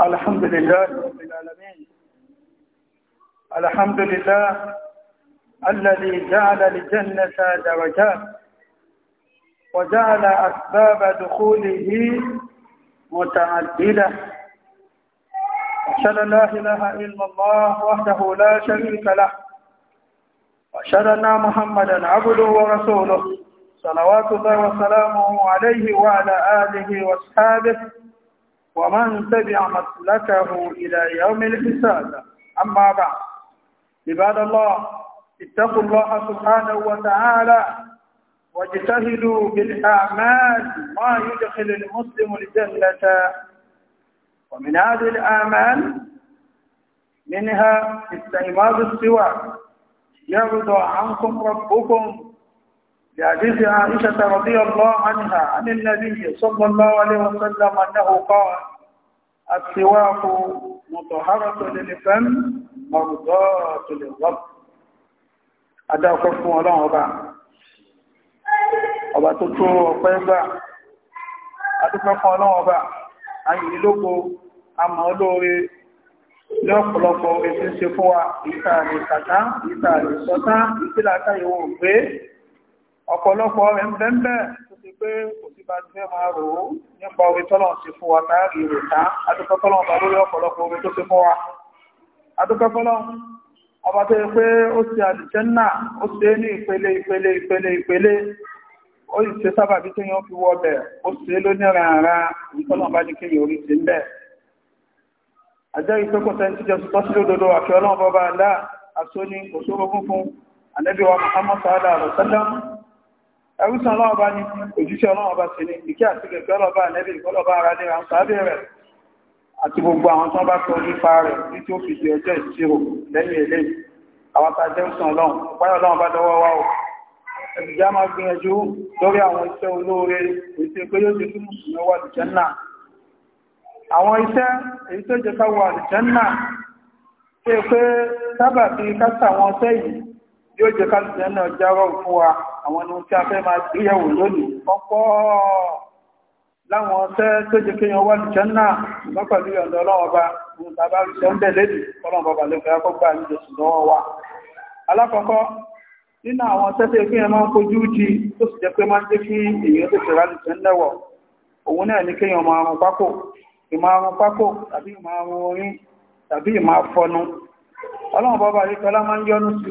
الحمد لله رب العالمين الحمد لله الذي جعل الجنة درجات وجعل أسباب دخوله متعددة أشهد أن لا إله إلا الله وحده لا شريك له وأشهد أن محمدا عبده ورسوله صلوات الله وسلامه عليه وعلى آله وأصحابه ومن تبع مسلكه إلى يوم الحساب أما بعد عباد الله اتقوا الله سبحانه وتعالى واجتهدوا بالأعمال ما يدخل المسلم الجنة ومن هذه الأعمال منها استعمال السواك يرضى عنكم ربكم لحديث عائشة رضي الله عنها عن النبي صلى الله عليه وسلم أنه قال السواك مطهرة للفم مرضاة للرب أداء قفوا الله أبا أبا تتوى قيبا أدفقوا الله أبا أي لكو أما أدوري lọ́pọ̀lọpọ̀ ètí ṣe fún wa ìtàrí kàtá ìtàrí sọ́tá ìtìlátà ìwọ̀n pé ọ̀pọ̀lọpọ̀ rẹ̀ ń bẹ́ńbẹ́ tó ti pé kò sí bá jẹ́ máa rò ó nípa orí tọ́lọ̀ ti fún wa táàrí rò tá adúpẹ́ tọ́lọ̀ ọba lórí ọ̀pọ̀lọpọ̀ orí tó ti fún wa adúpẹ́ tọ́lọ̀ ọba tó yẹ pé ó ti àdìjẹ́ náà ó ṣe é ní ìpele ìpele ìpele ìpele ó sì ṣe sábàbí tó yàn fi wọ ọbẹ̀ ó ṣe é lónìrìn ara ìtọ́lọ̀ ọba ẹrúsàn ọlọ́wọ́ bá ní òjíṣẹ́ ọlọ́wọ́ bá sí ní ìkí àti gẹ̀gẹ́ ọlọ́bà nẹ́bí ìkọlọ́bà ara lè ràn sáábẹ̀ rẹ̀ àti gbogbo àwọn tó bá sọ nípa rẹ̀ ní tí ó fi di ọjọ́ ìṣirò lẹ́yìn ilé àwọn tàjẹ́ òsàn ọlọ́run ọ̀páyọ̀ ọlọ́run bá dọwọ́ wá o ẹ̀bùjá máa gbìyànjú lórí àwọn iṣẹ́ olóore èyí tí pé yóò ti fún mùsùlùmí wà lùjẹ́ náà àwọn iṣẹ́ èyí tó jẹ́ ká wà lùjẹ́ náà ṣe pé sábà fi kásà wọn sẹ́yìn yóò jẹ́ káàkiri náà járọ̀ fún wa àwọn ohun tí a fẹ́ máa gbéyàwó lónìí ọ̀pọ̀ láwọn ọ̀sẹ́ tó jẹ́ kí wọ́n wá ní jẹ́nà ìgbọ́n pẹ̀lú ọ̀dọ̀ ọlọ́wọ́ bá ní tàbá ṣe ń bẹ̀lẹ̀ lè ọlọ́wọ́ bàbá lè fẹ́ kọ́gbà ní oṣù lọ́wọ́ wa alákọ̀ọ́kọ́ nínú àwọn ọ̀sẹ́ tó kí wọ́n kojú di tó sì jẹ́ pé máa ń jẹ́ kí èèyàn tó ṣe rálì jẹ́ òun náà ní kéèyàn máa rún pákó ìmárun pákó tàbí ìmárun orin tàbí ìmá fọnu ọlọ́wọ́ bàbá lè máa ń yọnu sí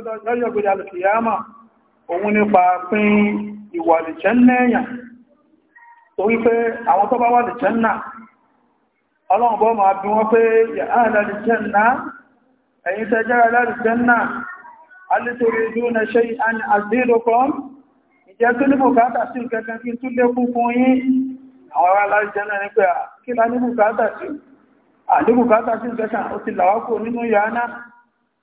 lọ́yọ̀ gbèrè alìkìyàmà òun nípa pín ìwà àlìjẹ́nnà èèyàn torí pé àwọn tó bá wà àlìjẹ́nnà ọlọ́run bọ́ máa bí wọ́n pé yàáàlì àlìjẹ́nnà ẹ̀yin tẹ́ jẹ́ alìjẹ́nnà alìtorí ìdúnà ṣe àni àzíròkan ìjẹ́ tó ní bùkátà sí kẹ́kẹ́ kí tún lé kún fún yín àwọn ará alìjẹ́nnà ní pé kí lá ní bùkátà sí àdíbùkátà sí kẹ́kẹ́ ó ti làwákò nínú yàánáà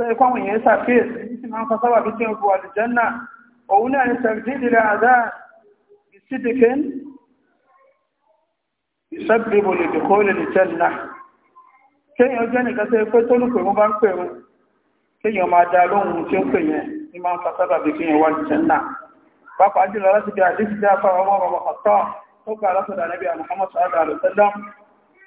ẹ̀kọ́ àwọn èèyàn sàfíèsì ní ti máa ń fasáwà bí tí ó fi wà lè jẹ́nà òun náà ni tẹ̀lifíìdì rẹ̀ àdá ìsídìkín ìṣẹ́bìbò lè dìkó lè lè jẹ́nà kéèyàn jẹ́ nìkan tó pé tó lùpẹ̀ mú bá ń pèrún kéèyàn máa dá lóhun tí ó pè yẹn ní máa ń fasáwà bí kéèyàn wà lè jẹ́nà pàápàá jùlọ láti bí àdíjì dá ọmọ ọmọ ọ̀tọ́ tó gbà lọ́sọ̀dà níbi àmọ́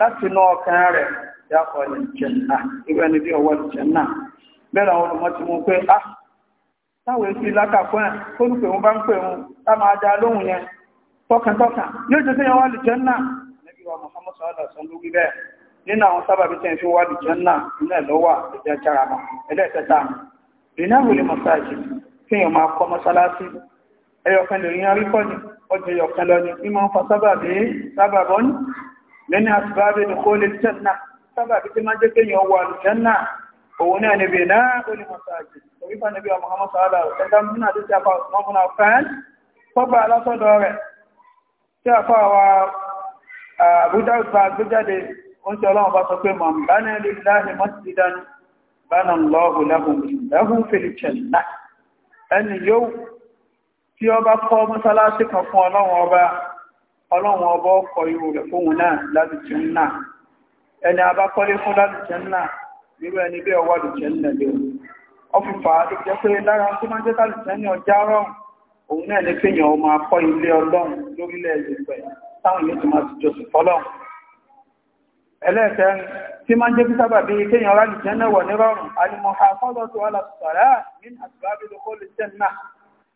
láti inú ọkàn rẹ̀ yàkọ̀ ní jẹ̀nà irú ẹni bí ọwọ́ jẹ̀nà bẹ́ẹ̀rẹ̀ àwọn olùmọ́ ti mú pé á ah, táwọn èsì lákàpọ̀ ẹ̀ tó ń pè wọn bá ń pè wọn tá máa dá lóhùn yẹn tọkàntọkàn yóò jẹ́ sẹ́yìn wà lù jẹ́nà níbi wa Muhammad sallallahu alaihi wasallam ló wí bẹ́ẹ̀ nínú àwọn sábàbí tẹ̀ lè rí aríkọ́ ni ọjọ́ ẹyọkan lọ ni mímọ́ fa sábàbí sábàbọ́ ni nínú àtìbábẹ̀ ní kó lè jẹ́nà sábà bí tí máa jẹ́ pé yàn wà jẹ́nà òun náà ni bè náà ó ní mọ̀sáàjì orípa níbi ọmọ ọmọ sáàdà ẹ̀dá múnà tó ti apá ọmọ múnà fẹ́ẹ́n fọ́gbà alásọ́dọ̀ rẹ̀ tí apá wa àbújá ìgbà gbéjáde ó ń ṣe ọlọ́run bá sọ pé mọ̀ bánà lè láàrin masjidan bánà lọ́hùn lẹ́hùn lẹ́hùn fèlìkẹ̀ náà ẹni yóò tí ọba kọ́ mọ́sálásí kan fún ọlọ́run ọba ọlọ́run ọbọ̀ ọkọ̀ ihò rẹ̀ fóhun náà láti jẹ́ ńnà ẹni abákọ́lé fún láti jẹ́ ńnà nírú ẹni bí ọwọ́ àdìjẹ́ ńnà lè ọfùfà tó jẹ́ pé lára tó máa jẹ́ láti jẹ́ ní ọjà rọrùn òun náà ní kéèyàn ọmọ akọ́ ilé ọlọ́run lórílẹ̀ èdè pẹ̀ táwọn yóò ti máa ti jọsìn fọlọ́run ẹlẹ́ẹ̀kẹrin tí máa ń jẹ́ pítábà bí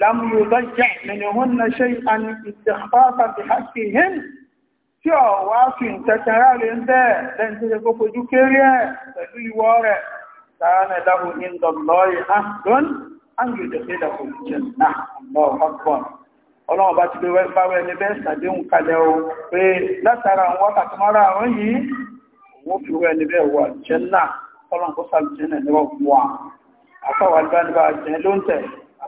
لم يضجع منهن شيئا استخفافا بحقهن tí ọ wá fi ǹkẹ̀kẹ̀ rá lè ń bẹ́ lẹ́n tí ó gbogbo ojú kéré ẹ̀ pẹ̀lú ìwọ rẹ̀ tààrẹ láwọ ìndọ̀lọ́yì àdún ángìlẹ̀ sílẹ̀ kò jẹ́ náà ọgbọ̀n ọlọ́wọ́ bá ti gbé wẹ́fáwẹ́ ní bẹ́ẹ̀ sàdéhùn kalẹ̀ o pé látara àwọn wákàtí mọ́ra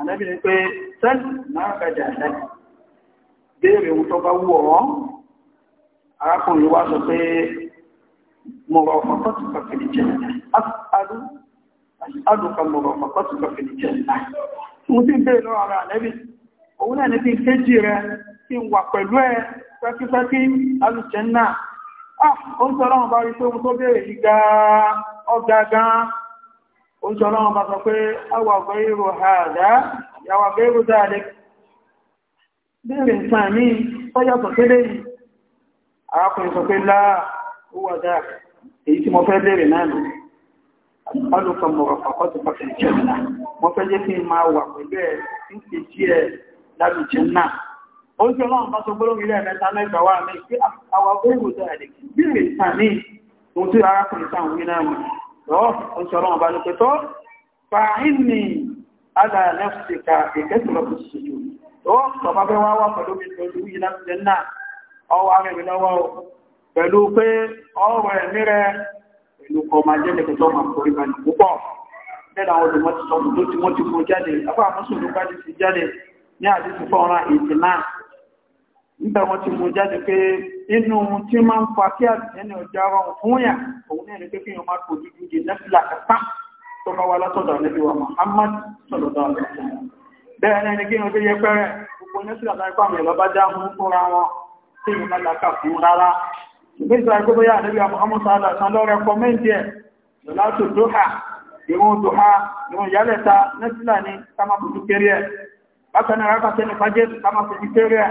ànábì ní pé sẹ́lì máa kàjà àdáyì béèrè ohun tó bá wù ọ́ arákùnrin wá sọ pé mọ̀rọ̀ ọ̀fọ̀kọ́ ti kọ̀kìlì jẹ́ àdùkọ mọ̀rọ̀ ọ̀fọ̀kọ́ ti kọ̀kìlì jẹ́ mo ti béèrè lọ́wọ́ ara ànábì òun náà ní kí n kéjì rẹ kí n wà pẹ̀lú ẹ pẹ́kípẹ́kí alùjẹ́ náà ah ó ń sọ ọlọ́run bá rí pé ohun tó béèrè yìí gan-an oúnjẹ ọlọ́run bá sọ pé awà gbẹ́rù àdá yàwà gbẹ́rù dáadé bèèrè nǹkan ní tọ́yàtọ̀ tẹ́lẹ̀ yìí arákùnrin sọ pé láà ó wà dáa èyí tí mo fẹ́ bèèrè náà nù ọlùkọ mọ̀rọ̀ mo fẹ́ jẹ́ kí n máa wà pẹ̀lú ẹ̀ ń ẹ náà bá sọ ilé ẹ̀mẹ́ta tọ́ ó sọ ọlọ́run bá ní pé tọ́ fàáìní alàlẹ́fṣìkà ìkẹ́sìlọ́ tó ṣèjú tọ́ tọ́bá fẹ́ wá wá pẹ̀lú mi pẹ̀lú yìí láti jẹ́ náà ọwọ́ ara mi lọ́wọ́ pẹ̀lú pé ọrọ̀ ẹ̀mí rẹ pẹ̀lú kọ máa jẹ́ lẹ́kẹ̀ẹ́ tọ́ máa forí balẹ̀ púpọ̀ lẹ́nu àwọn olùmọ̀ ti sọ tó ti wọ́n ti fún jáde afọ́ àmúṣùlùmọ́ ti jáde ní àdísí fọ́nrán 89 nígbà wọn ti mú jáde pé inú ohun tí máa ń fa kí àtìlẹ́yìn ọjà rọrùn fún yà òun náà ní pé kí wọn máa kò dúdú di nẹ́fìlà kẹta tó bá wà látọ̀dọ̀ níbi wa Muhammad sọ̀dọ̀dọ̀ bẹ́ẹ̀ náà ni kí wọn tó yẹ pẹ́rẹ́ gbogbo nẹ́fìlà láì pa àmì ìlọ́bá já mú fúnra wọn tí ìlú má làkà fún rárá ṣùgbọ́n ìsìlá gbogbo yà níbi wa Muhammad sọ̀dọ̀ san lọ rẹkọmẹ́ndì ẹ̀ lọ́látò dóhà nẹ́fìlà ni ká má fojú kéré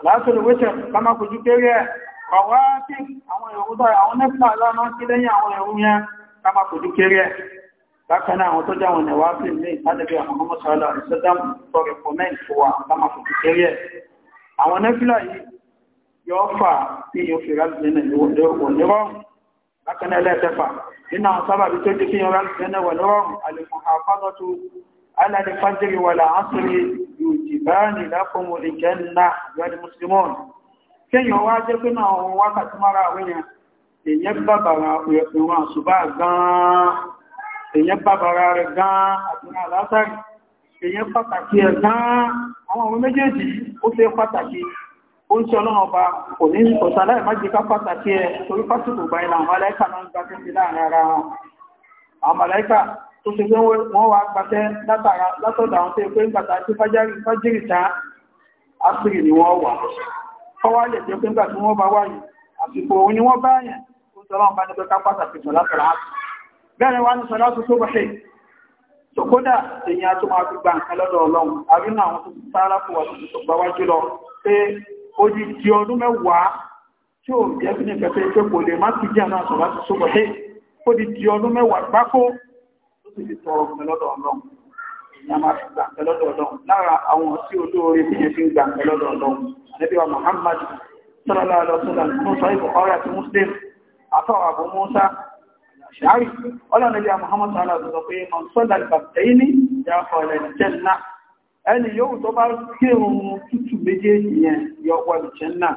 Àlásòlù wẹ́tẹ̀ lámá kojú kéré ẹ̀, kọ̀wá tí àwọn ìrùn tọ́ àwọn nẹ́fà lọ́nà sí lẹ́yìn àwọn ìrùn yẹn lámá kojú kéré ẹ̀. Bákan náà àwọn tó jẹ́ àwọn ìwà sí ní ìtàdẹ̀bí àwọn ọmọ sọ́lá ìṣẹ́dám tọ́ rẹ̀kọ́mẹ́ntì wa lámá kojú kéré ẹ̀. Àwọn nẹ́fìlà yìí yóò fà tí yóò fi ráàlì nínú ìwọ̀n nírọ̀rùn. Bákan náà على الفجر والعصر يوجبان لكم الجنة يا المسلمون كي يواجبنا وقت مراوية èyàn bàbàrà ìrùn àṣùbá gan-an èyàn bàbàrà rẹ̀ gan-an àtúnà látàrí èyàn pàtàkì ẹ̀ gan-an àwọn ọmọ méjèèjì ó fẹ́ pàtàkì ó ń ṣe ọlọ́run ọba kò ní ọ̀sàlá ìmájíká pàtàkì ẹ̀ torí pásìkò gbà ilẹ̀ aláìkà náà gbá tó ṣe pé wọ́n wá gbàtẹ́ látọ̀dọ̀ àwọn tó pé gbàtà tí fájírì tá àṣírí ni wọ́n wà fọ́wá lè jẹ́ pé nígbà tí wọ́n bá wáyé àsìkò òun ni wọ́n bá yẹn ó sọ lọ́wọ́n bá ní pé ká pàtàkì sọ látọ̀rọ̀ àti bẹ́ẹ̀ wá ní sọ látọ̀ tó bẹ̀ṣẹ̀ tó kódà èyàn tó máa fi gba nǹkan lọ́dọ̀ ọlọ́run àrínà àwọn tó sára fún wa tó gbà wájú lọ pé ó di di ọdún mẹ́wàá tí ó jẹ́ sọ ó sì lè tọrọ ọmọ lọ́dọ̀ ọlọ́run èèyàn máa fi gbàǹkẹ́ lọ́dọ̀ ọlọ́run lára àwọn tí olóore Muhammad sallallahu alaihi wasallam nínú sọ Bukhari Muslim afọ Abu Musa ṣáàrì ọlọ́run ẹbí Muhammad sallallahu alaihi wasallam pé mọ̀ sọ́dà ìbàtẹ́yìn ní ìyàfọ̀ ilẹ̀ jẹ́nà ẹni yóò tó bá kírun tútù méjèèjì yẹn yọ wà lù jẹ́nà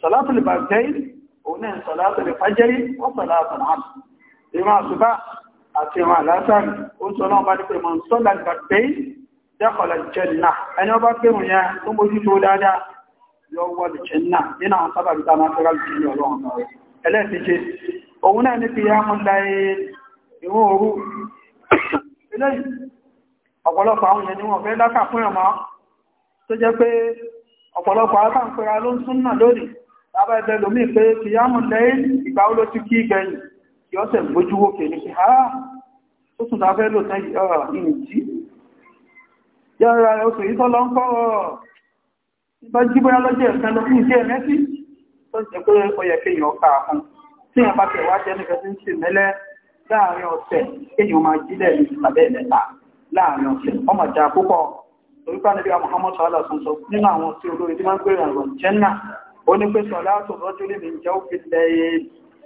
sọ̀látù ìbàtẹ́yìn òun náà sọ̀látù ìfàjẹ́rí wọ́n sọ̀látù àbù ìrún àṣùbá àti ìran àlásàrì ó ń sọ́nà ọba nípa ìmọ̀ sọ́là ìgbàgbé dẹ́kọ̀lá ìjẹ́nà ẹni ọba gbẹ̀rùn yẹn tó mójú tó dáadáa yọ wọ́ ìjẹ́nà nínú àwọn sábà bí dáná fẹ́rẹ́ ìjẹ́nà ọlọ́run ẹlẹ́ẹ̀kejì òun náà ní fi yá mú láyé ìwọ̀n òru eléyìí ọ̀pọ̀lọpọ̀ àwọn èèyàn ni wọ́n fẹ́ dákà fún ẹ̀mọ́ tó jẹ́ pé ọ̀pọ̀lọpọ̀ akáǹpẹ́ra ló ń súnnà lónìí lábẹ́ ẹgbẹ́ lómi pé kìyàmù lẹ́yìn ìgbà ó ló ti kí gbẹ̀yìn yọ́sẹ̀ gbójúwó kè ní ha, àá ó tún dáfẹ́ lò tán ìjì yára oṣù yìí tọ́lọ ń kọ́ ìbá jíbọ́ lọ́jọ́ ẹ̀kan lọ fún ìjẹ́ mẹ́sí tó jẹ́ pé ọyẹ̀ kéèyàn ọkà fún tí wọ́n bá tẹ̀ wá jẹ́ nìkan tí ń ṣe mẹ́lẹ́ láàrin ọ̀sẹ̀ kéèyàn máa jílẹ̀ ní ìpàdé ẹ̀mẹ́ta láàrin ọ̀sẹ̀ ọmọ ìjà púpọ̀ torí pé níbi àwọn ọmọ sọ́lá sọ́sọ́ nínú àwọn tí olórin tí wọ́n ń pè rẹ̀ jẹ́nà ó tó rọ́jú lè mi jẹ́ òfin lẹ́yìn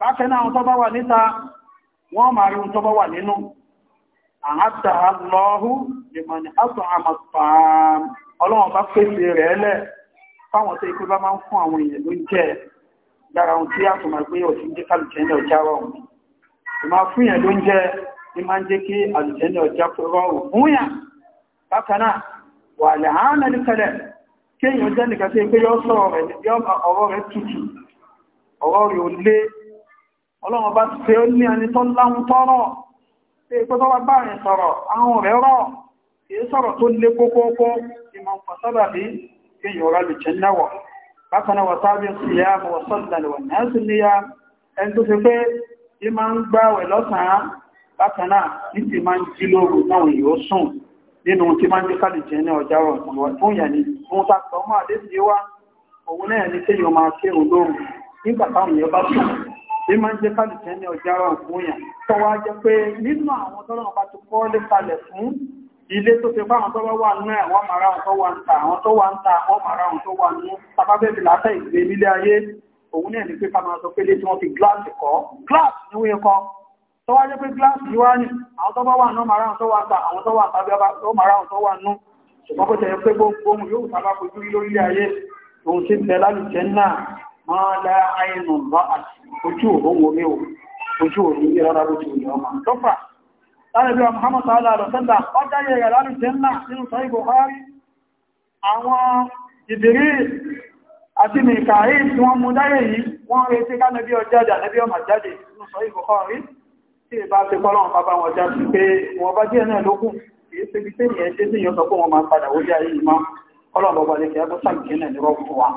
bákaná àwọn tó bá wà níta wọ́n máa rí ohun tó bá wà nínú àhátà lọ́hú lèmọ̀ni àtọ̀ àmàpà ọlọ́run bá pèsè rẹ̀ ma fáwọn tó ikú bá máa ń fún àwọn èèyàn ló jẹ́ dára ohun tí àtọ̀ máa gbé ọ̀tí ń jẹ́ kálùjẹ́ndẹ̀ ọjà rọrùn kéèyàn jẹ́ nìkan tí pé yọ́ ọ̀rọ̀ rẹ̀ ọ̀rọ̀ rẹ̀ ò ọlọ́run bá ṣe ó ní ẹni tó láhun tọ́rọ̀ tí èkó tó bá bá rìn sọ̀rọ̀ àwọn rẹ̀ rọ̀ kìí sọ̀rọ̀ tó lé kókókó ìmọ̀ pàṣọ́dà bí kéyìn ọ̀rá lè jẹ́ náwọ̀ bákanáà wà sábẹ́ sí ya mọ̀ sọ́dàlẹ̀ wà náà sí ní ya ẹni tó fi pé ì máa ń gbáwẹ̀ lọ́sàn-án bákanáà ní ti máa ń jí yóò máa ń jẹ́ kálì jẹ́ bá sùn ní máa ń jẹ́ kálùkẹ́ ní ọjà ọ̀gbóyàn tó wá jẹ́ pé nínú àwọn tọ́lọ́wọ́n bá ti kọ́ lé kalẹ̀ fún ilé tó ti fáwọn tọ́wọ́ wà ní àwọn mara àwọn tó wà ń ta àwọn tó wà ń ta àwọn mara àwọn tó wà ní tàbábẹ́bì látà ìgbé nílé ayé òun náà ní pé ká máa sọ pé lé tí wọ́n fi gíláàsì kọ́ gíláàsì ní wíyẹn kọ́ tó wá jẹ́ pé gíláàsì yìí wá ní àwọn tó bá wà ní mara àwọn tó wà ń ta àwọn tó wà ń máa lá àìnù bá ojú òun wọlé o ojú òun ní rárá ló ti wùlé ọmọ lọ́fà láti bí Muhammad sallallahu alaihi wasallam ó jáyé yàrá ní jẹ́nà nínú sọ Bukhari àwọn ìdìrí àti mìkàí tí wọ́n mú dáyé yìí wọ́n retí ká nẹbí ọjáde ànẹbí ọmọ jáde nínú sọ Bukhari tí ìbá ti kọ́lọ́n bàbá wọn bí tẹ́yìn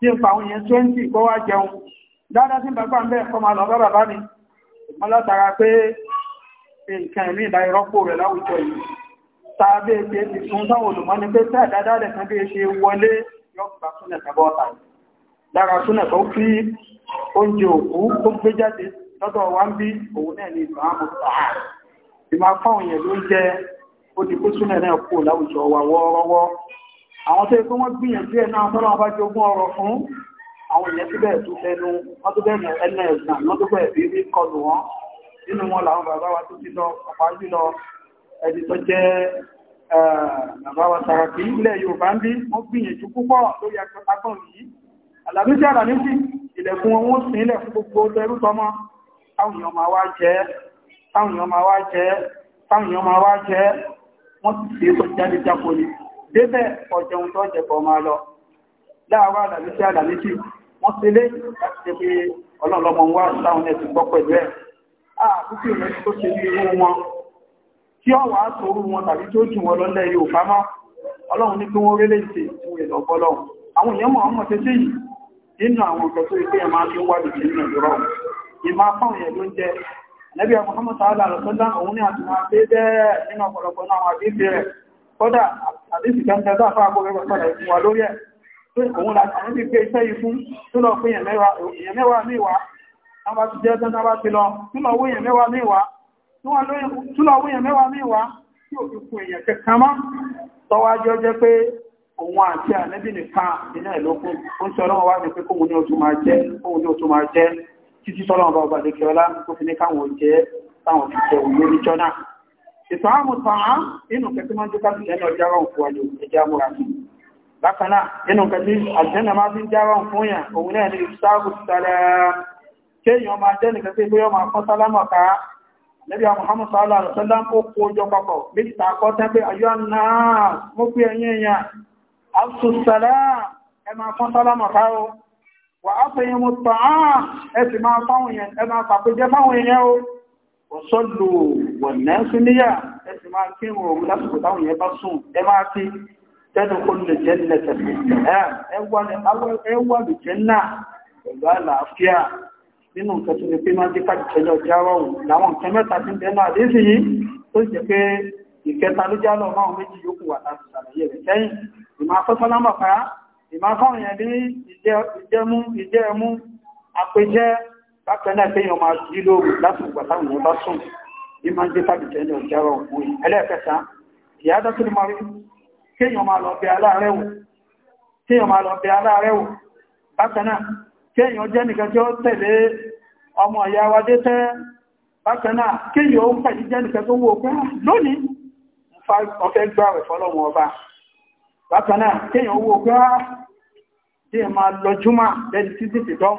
tí ń pa àwọn èèyàn 20 kó wá jẹun dáadáa tí ń bàgbà ń bẹ́ kọ́ máa lọ bá bàbá mi mọ́ látara pé nǹkan ìlú ìdá ìrọ́pò rẹ̀ láwùjọ yìí tàbí ètò ètò fún táwọn olùmọ́ ni pé tẹ́ dáadáa lẹ̀ kan bí e ṣe wọlé yọkùnbà súnẹ̀ tàbọ́ ọ̀tà lára súnẹ̀ tó fi oúnjẹ òkú tó gbé jáde lọ́dọ̀ wa ń bí òun náà ni ìgbà àmọ́ sàá ìmọ̀ afọ́ òyìn ló jẹ́ ó di pé súnẹ̀ náà kú láwùjọ wa wọ́ọ́rọ́wọ́ àwọn tó ẹkọ́ wọ́n gbìyànjú ẹ̀ náà tọ́lọ́ bá jogún ọrọ̀ fún àwọn ìyẹn tó bẹ̀ẹ̀ tó fẹnu wọ́n tó bẹ̀ẹ̀ ẹnà ẹ̀sìn àwọn tó bẹ̀ẹ̀ fi rí kọlù wọn nínú wọn làwọn bàbá wa tó ti lọ ọ̀pá jùlọ ẹni tó jẹ́ bàbá wa Sàràkí ilẹ̀ Yorùbá ń bí wọ́n gbìyànjú púpọ̀ lórí akọ́n yìí àlàbí sí àlàbí sí ilẹ̀kùn wọn wọ́n ilẹ̀ fún gbogbo ẹrú tọmọ táwọn èèyàn máa wá jẹ́ táwọn èèyàn máa wá jẹ́ wọ́n sì ṣe é jáde jápọ̀ ni débẹ̀ ọ̀jẹun tó jẹpọ̀ máa lọ láàárọ̀ àdàbí sí àdàmíkì wọ́n ti lé láti ṣe pé ọlọ́ọ̀lọ́mọ wá láwọn ẹ̀ ti gbọ́ pẹ̀lú ẹ̀ àkúkú rẹ̀ tó ṣe irú wọn tí wọn tàbí tó jù wọn lọ́lẹ̀ mọ́ Ọlọ́run àwọn èèyàn mọ̀ ọmọ yìí àwọn tó ìpé ẹ̀mà tó wà nínú ìrọ̀ àdísì tọ́wájọ́ jẹ́ pé òun àti ànẹ́bì nìkan iná ìlókún ó ń sọ́lọ́wọ́ wá ní pé kóhun ní ọtún máa jẹ́ kóhun ní ọtún máa jẹ́ títí sọ́lọ́wọ́ bá ọba ọlá tó fi ní káwọn jẹ́ táwọn fi jẹ́ òun lórí jọ́nà ìtààmù tààmù inú kẹtí máa ń jẹ́ká sí ẹni ọjá rán fún àjò ẹjá múra sí bákaná inú kẹtí àjẹ́nà máa fi ń já rán fún yàn ni ìsáàbù sára kéèyàn máa jẹ́ nìkan tí bóyọ́ máa fọ́n sálámà ká níbi àmàhàmù sáàlá àrùsọ́lá ó kó jọ papọ̀ méjì tààkọ́ tẹ́pẹ́ àyọ́ náà mú pé ẹ̀yìn èèyàn àṣùsàlá ẹ máa fọ́n sálámà ká o wà á fẹ́yìn mú tààmù ẹ sì máa fáwọn èèyàn ẹ máa pàpẹ́jẹ́ fáwọn èèyàn o ọ̀sọ́lù wọ̀nẹ́sù níyà ẹ̀sì máa kírùn òun lásìkò táwọn yẹn bá sùn ẹ máa ti tẹ́nu kó lè jẹ́ nílẹ̀ tẹ̀sí ẹwà lè jẹ́ náà pẹ̀lú àlàáfíà nínú nǹkan tó ní pé máa jẹ́ káàkiri tẹ́lẹ̀ ọjà rọrùn láwọn nǹkan mẹ́ta tí ń bẹ náà dé sí yìí tó jẹ́ pé ìkẹta ló jálọ máwọn méjì yókù wà láti ṣàlàyé rẹ̀ sẹ́yìn ìmọ̀ afẹ́fẹ́ bákan náà kéèyàn máa jí lóru láti ìgbà táwọn èèyàn bá sùn ní máa ń jẹ́ tàbí tẹ́lẹ̀ òjára òkú yìí ẹlẹ́ẹ̀kẹta ìyádọ́ tó máa rí kéèyàn máa lọ bẹ aláàrẹ̀ wò kéèyàn máa lọ bẹ aláàrẹ̀ wò bákan náà kéèyàn jẹ́ nìkan tí ó tẹ̀lé ọmọ ìyá wa dé tẹ́ bákan náà kéèyàn ó pẹ̀lú jẹ́ nìkan tó wò pé ah, lónìí ọfẹ́ gbà rẹ̀ fọ́lọ́wọ́ ọba bákan náà kéèyàn wò pé ah,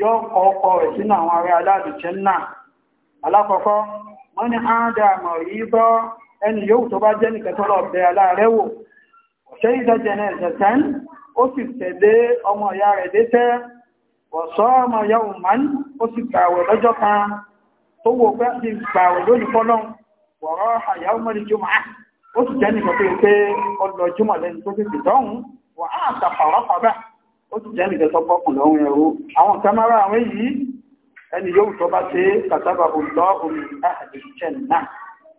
yóò kọ ọkọ̀ rẹ̀ sínú àwọn ará aládùjẹ́ náà alákọ̀ọ́kọ́ wọ́n ni àádá àmọ̀ yìí bọ́ ẹni yóò tó bá jẹ́ nìkan tọ́lọ̀ bẹ aláàrẹ́ wò ọ̀ṣẹ́ ìdájẹ́ náà ẹ̀sẹ̀sẹ́n ó sì tẹ̀lé ọmọ ìyá rẹ̀ dẹ́tẹ́ ọ̀ṣọ́ ọmọ ìyá òmán ó sì gbàwẹ̀ lọ́jọ́ kan tó wò pé ti gbàwẹ̀ lónìí fọ́lọ́n ó ti jẹ́ nìkan tó pọ́kùn lọ́wọ́ ẹ̀rọ àwọn kámẹ́rà àwọn èyí ẹni yóò tó bá ṣe kàtàbà òlọ́ omi àdìjẹ́ náà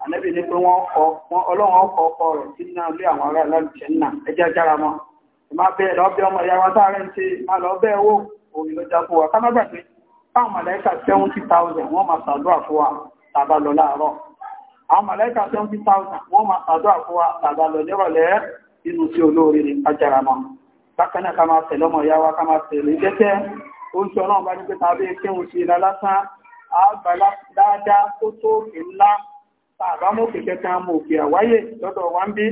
ànẹ́bí ní pé wọ́n kọ wọn ọlọ́run ọkọ̀ ọkọ̀ rẹ̀ sí ní ilé àwọn ará ìlàlùjẹ́ náà ẹjẹ́ jára mọ́ ìmá bẹ́ẹ̀ lọ bẹ́ ọmọ ìyá wọn táàrẹ́ ń ṣe má lọ bẹ́ẹ̀ wò òyìn ló jápọ̀ wa kámá gbàgbé fáwọn mọ̀lẹ́kà seventy thousand wọ́n máa ṣàdúrà fún wa tàbá lọ láàárọ̀ àwọn mọ̀lẹ́kà seventy thousand wọ́n máa ṣàdúrà fún bákan náà ká máa tẹ̀lé ọmọ ìyá wa ká máa tẹ̀lé tẹ́tẹ́ ó ń sọ ọlọ́run bá ní pé tàbí kéhùn sí ilá lásán àgbà dáadáa tó tó òkè ńlá tàbá mú òkè kẹta mú òkè àwáyè lọ́dọ̀ wa ń bí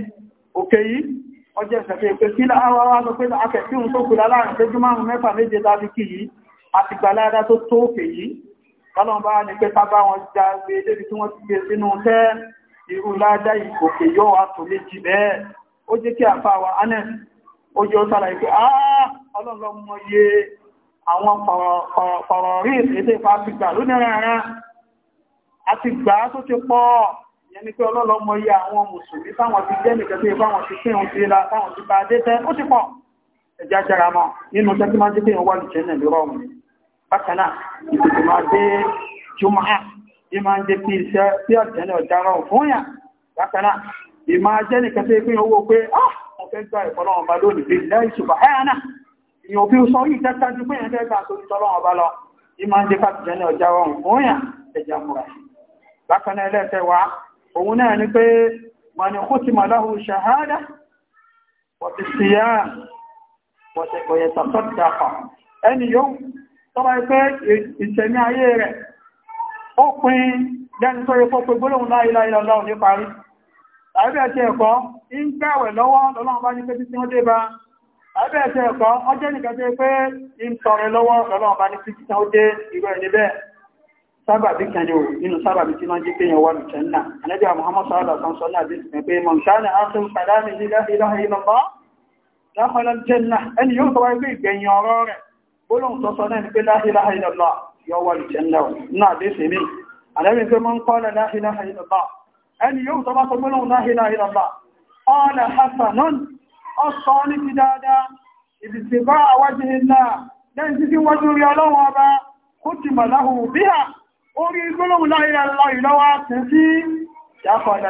òkè yìí ọjọ́ ìṣẹ̀fẹ́ pé kí láwá wá lọ pé akẹ̀kíhùn tó kùlá láàrin pé jùmọ́rún ó jẹ́ kí àfáwà anẹ́sì ó jẹ́ ó sára ìpé ah, ọlọ́lọ́mọye àwọn pọ̀rọ̀ rí èdè ipa ti gbà lónìí rárá àti gbà tó ti pọ̀ ìyẹn ni pé ọlọ́lọ́mọye àwọn mùsùlùmí táwọn ti jẹ́ nìkan tí fáwọn ti pín òun ti la táwọn ti bá dé tẹ́ ó ti pọ̀ ẹjá jẹra mọ́ nínú tẹ́kí máa dé pín wọ́n jẹ́ nàìjíríà ọmọ bákan náà ìtòkè máa dé jùmọ̀ á ní máa ń ìmá jẹ́ nìkan tó pín owó pé ah ọ̀fẹ́ gbá ìpọ̀lọ́wọ̀n bá lónìí bí lẹ́yìn ṣùgbọ́n ẹ̀ẹ́nà ìyàn òfin sọ yìí tẹ́ta ju pé ẹ̀ẹ́dẹ́ gbà tó ìtọ́lọ́wọ̀n bá lọ ìmá jẹ́ káàkiri jẹ́ ní ọjà ọrùn fún yà ẹjà múra bákan náà ẹlẹ́ẹ̀kẹwa òun náà ni pé mọ̀nì kú ti mọ̀láhùn ṣàhádà wọ̀tí síyá wọ̀tí ọ̀yẹ̀ tọ̀tọ̀ dàpọ̀ ẹni yóò tọ́ba pé ìṣẹ̀mí ayé rẹ̀ ó pin lẹ́ni tó yẹ fọ́ pé gbólóhùn láìláìlọ́lọ́ ní parí àbẹ́ẹ̀tẹ̀ ẹ̀kọ́ ń gbẹ̀wẹ̀ lọ́wọ́ lọ́lọ́run bá ní pé títí wọ́n dé bá àbẹ́ẹ̀tẹ̀ ẹ̀kọ́ ọjẹ́ nìkan tẹ́ pé ń tọrẹ lọ́wọ́ lọ́lọ́run bá ní títí wọ́n dé irú ẹni bẹ́ẹ̀ sábàbí kan ni ò nínú sábàbí tí wọ́n jí pé yẹn wà ní jẹ́nà ànábì Muhammad sallallahu alaihi wasallam náà bí i pé mọ̀ sáàlẹ̀ áṣùn kàdámi la ilaha illallah dakhala jẹ́nà ẹni yóò tọwọ́ ilé ìgbẹ̀yìn ọ̀rọ̀ rẹ̀ gbólóhùn sọ́sọ́ ẹni yóò tọ́ bá sọ gbọ́lọ́wọ́ láhílá ìlàlá ọ̀nà hassanon ọ̀sọ̀ ní ti dáadáa ìbìsì bá àwájí iná lẹ́yìn títí wájú rí ọlọ́wọ́ ọba kó ti mà láhù bí à orí gbọ́lọ́wọ́ láhílá ìlọ́wọ́ ti sí yàfàdà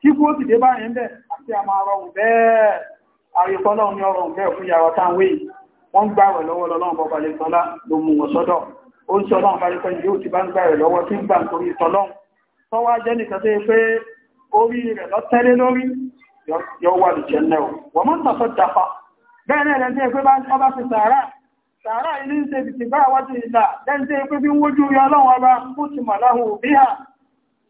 kí bó ti dé báyìí ń bẹ̀ àti àmà rọrùn bẹ́ẹ̀ àríkọ́lọ́run ní ọrọ̀ bẹ́ẹ̀ fún yàrá táwé wọ́n gbà rẹ̀ lọ́wọ́ lọ́lọ́run ń sọ́lọ́run bá bá ń o wọ́n mọ́ tọ́sọ́ jafa bẹ́ẹ̀ náà lẹ́ni pé bá ń tọ́ bá ti sàárà sàárà ilé ń ṣe pé bí wójú rí ọlọ́run ọba kó ti mọ̀ láhùn òbí hà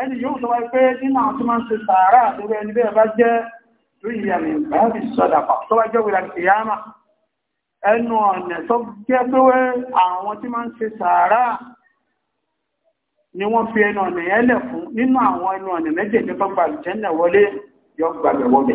ẹni yóò tọ́wọ́ pé nínú àwọn tó máa ń ṣe sàárà lórí ẹni bẹ́ẹ̀ bá jẹ́ lórí ìyàmì ìgbàábì sọ́dà tó bá jẹ́ wèrè àkìyàmà ẹnu ọ̀nà tó jẹ́ pé àwọn tí máa ń ṣe sàárà ni wọ́n fi ẹnu ọ̀nà yẹn lẹ̀ fún nínú àwọn ẹnu ọ̀nà méjèèjì tó gbà jẹ́nà wọlé yọ gbàgbẹ̀ wọlé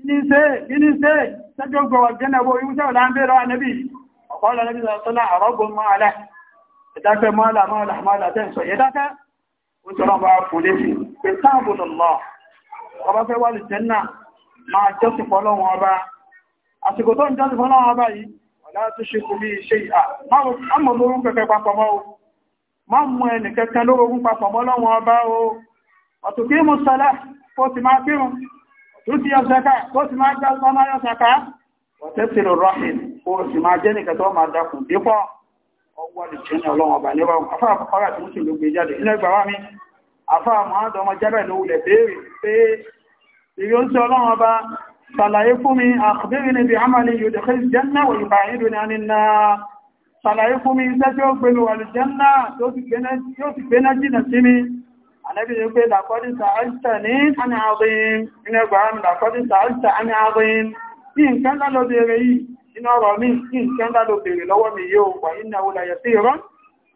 Iníṣẹ́ tẹ́jọ́gbọ̀ ọ̀gẹ́nàwó ìwúṣẹ́ ọ̀lá ń bèèrè ànẹ́bì ọ̀pọ̀lọ̀ lẹ́bí sọ́lá àrọ́gbọ̀n mọ́ alá. Ìdáfẹ́ mọ́ alá mọ́ alá mọ́ alá tẹ́ ń sọ yẹ dákẹ́. Ó tọ́rọ bá fún lé sí, pé táàbùnà lọ, ọba tútìyà ṣaka tó sì máa jẹ́ ọmọ ayọ́ ṣaka ọ̀tẹ́sìrò rọ́hìn ó sì máa jẹ́ nìkan tó máa dákùn dípọ̀ ọwọ́ ìṣẹ́ ní ọlọ́wọ́ ọba nígbà afá àpapọ̀rọ̀ àti mùsùlùmí ló gbé jáde nílẹ̀ ìgbà wá mi afá àmọ́dọ̀ fún mi àkùbẹ́rẹ́ níbi àmàlẹ́ yóò dẹ̀kẹ́ ìjẹ́nà tí ó gbé mi wà sí mi Ànábì ní pé làkọ́dí sàárìtà ní àmì àbíyìn, inú ẹgbàrán làkọ́dí sàárìtà àmì àbíyìn, ní nǹkan lálóbèèrè yìí, inú ọ̀rọ̀ mi, ní nǹkan lálóbèèrè lọ́wọ́ mi yóò wà nínú àwọn ìlàyẹ̀sí ìrọ́n,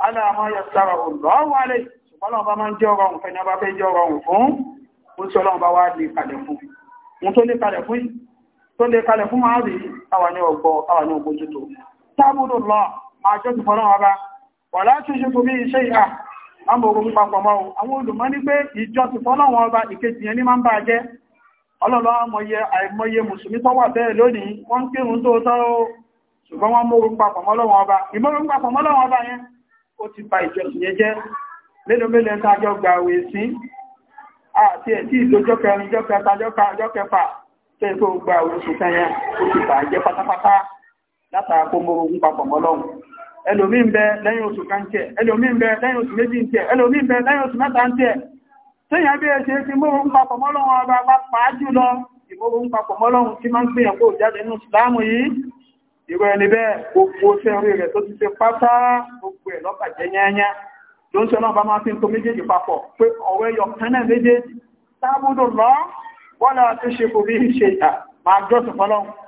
aláàmọ́ yẹ sára òlọ́wọ́ alẹ́, ṣùgbọ́n lọ́wọ́ bá máa ń jẹ́ ọrọ̀ òun fẹ́ ní ọba fẹ́ jẹ́ ọrọ̀ òun fún, ó sọ lọ́wọ́ bá wá lè kalẹ̀ fún. Mo tó lè kalẹ̀ fún yìí, tó mọ́mọ̀rún papọ̀ mọ́ àwọn olùmọ́ ní pé ìjọ ti fọ́lọ́wọ́n ọba ìkejì yẹn ní máa ń bá jẹ́ ọlọ́lọ́ àmọye àìmọye mùsùlùmí tọ́wà bẹ́ẹ̀ lónìí wọ́n ń kírun tó tọ́ ó ṣùgbọ́n wọ́n mọ́rún papọ̀ mọ́lọ́wọ́n ọba ìmọ́rún papọ̀ mọ́lọ́wọ́n ọba yẹn ó ti ba ìjọsìn yẹn jẹ́ mélòó mélòó ń tajọ́ gba òwe sí àti ẹ̀ tí ìdójọ́ kẹrin jọ́ kẹta jọ́ kẹfà tẹ́ tó gba òwe sùn kẹyẹn ó ti bà jẹ́ pátápátá látàkó mọ́rún papọ̀ mọ́lọ́wọ́n ẹlòmí ń bẹ lẹ́yìn oṣù kan tẹ́ ẹlòmí ń bẹ lẹ́yìn oṣù méjì tẹ́ ẹlòmí ń bẹ lẹ́yìn oṣù mẹ́ta tẹ́ tẹ́yìn ẹgbẹ́ ẹ̀ṣẹ́ ti mọ́rún papọ̀ mọ́lọ́run ọba pàápàá jùlọ ìmọ́rún papọ̀ mọ́lọ́run tí máa ń gbìyàn kó jáde nínú ìsìláàmù yìí ìwọ ẹni ma gbogbo rẹ̀ tó ti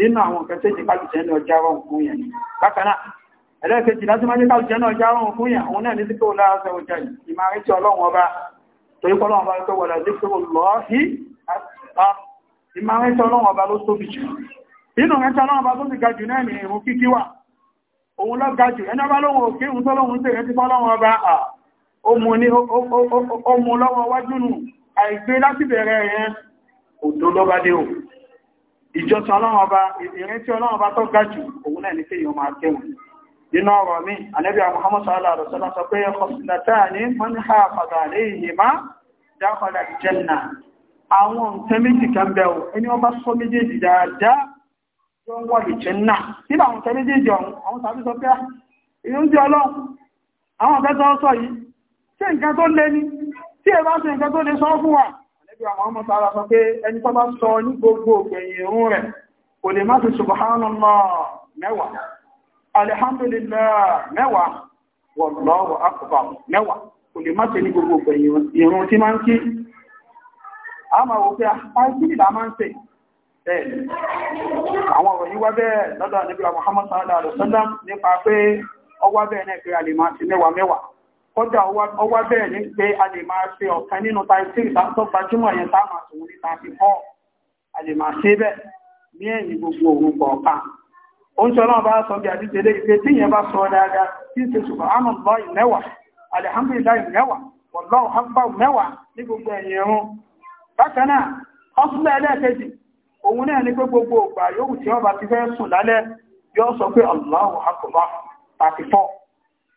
nínú àwọn nǹkan tó jẹ́ kálùjẹ́ náà já rọrùn fún yẹn bákaná ẹlẹ́ẹ̀kejì láti máa jẹ́ kálùjẹ́ náà já rọrùn fún yẹn òun náà ní sí tó láàáṣẹ́ ọjà ìmárí tí ọlọ́run ọba torí pọ́lọ́run ọba tó wọ̀lá sí tó lọ́ọ̀hí ìmárí tí ọlọ́run ọba ló tóbi jù nínú rẹ̀ tí ọlọ́run ọba tó ti ga jù náà ní ìrun kíkí wà òun lọ ga jù ẹni ọba lóhun òkè òun tọ́lọ́run tẹ̀rẹ́ tí pọ́lọ́run ọba ó mú lọ́wọ́ wájú nù àìgbé láti bẹ̀rẹ̀ yẹn òdó lọ́ba dé òun ìjọsìn ọlọ́run ọba ìrántí ọlọ́run ọba tó ga jù òun náà ní pé yọ máa tẹ́wọ̀n nínú ọ̀rọ̀ mi ànábì Muhammad sallallahu alaihi wasallam sọ pé khaslatani man hafaza alayhima dakhala al-janna àwọn nǹkan méjì kan bẹ̀ ò ẹni ọba sọ méjèèjì dáadáa tó ń wà lùjẹ́ náà nínú àwọn nǹkan méjèèjì ọ̀hún àwọn tàbí sọ pé ìrántí ah, ọlọ́run àwọn nǹkan tó sọ yìí ṣé nǹkan tó lé ní tí ẹ bá ṣe nǹkan tó lè sọ fún wa ẹgbẹ́ àwọn ọmọ sọ ẹni ní gbogbo ògbẹ̀yìn ìrun rẹ̀ kò lè má ti subhanallah mẹ́wàá alhamdulillah mẹ́wàá wallahu akbar mẹ́wàá kò lè má ti ní gbogbo ògbẹ̀yìn ìrun tí máa ń kí a máa wò pé àìsí ah, ah, ìlà máa ń tẹ̀ àwọn ọ̀rọ̀ bẹ́ẹ̀ lọ́dọ̀ a kọjá ọwá bẹ́ẹ̀ ní pé a lè máa ṣe ọ̀kan nínú taití ìtàntọ́ gbajúmọ̀ yẹn táàmà àtòun ní a lè máa ṣe bẹ́ẹ̀ ní ẹ̀yìn gbogbo òun kọ̀ọ̀kan ó ń sọ́nà bá sọ bí àdíjẹ́ lé tí ìyẹn bá sọ dáadáa tí ń ṣe ṣùgbọ́n alihamdulilayi wọ̀lọ́ ọ̀hánpá mẹ́wàá ní gbogbo ẹ̀yìn ẹ̀rún bákan náà ọ́sùlẹ̀ ẹlẹ́ẹ̀kejì òun náà ní pé gbogbo ògbà yóò tí ti fẹ́ sùn lálẹ́ yóò sọ pé 34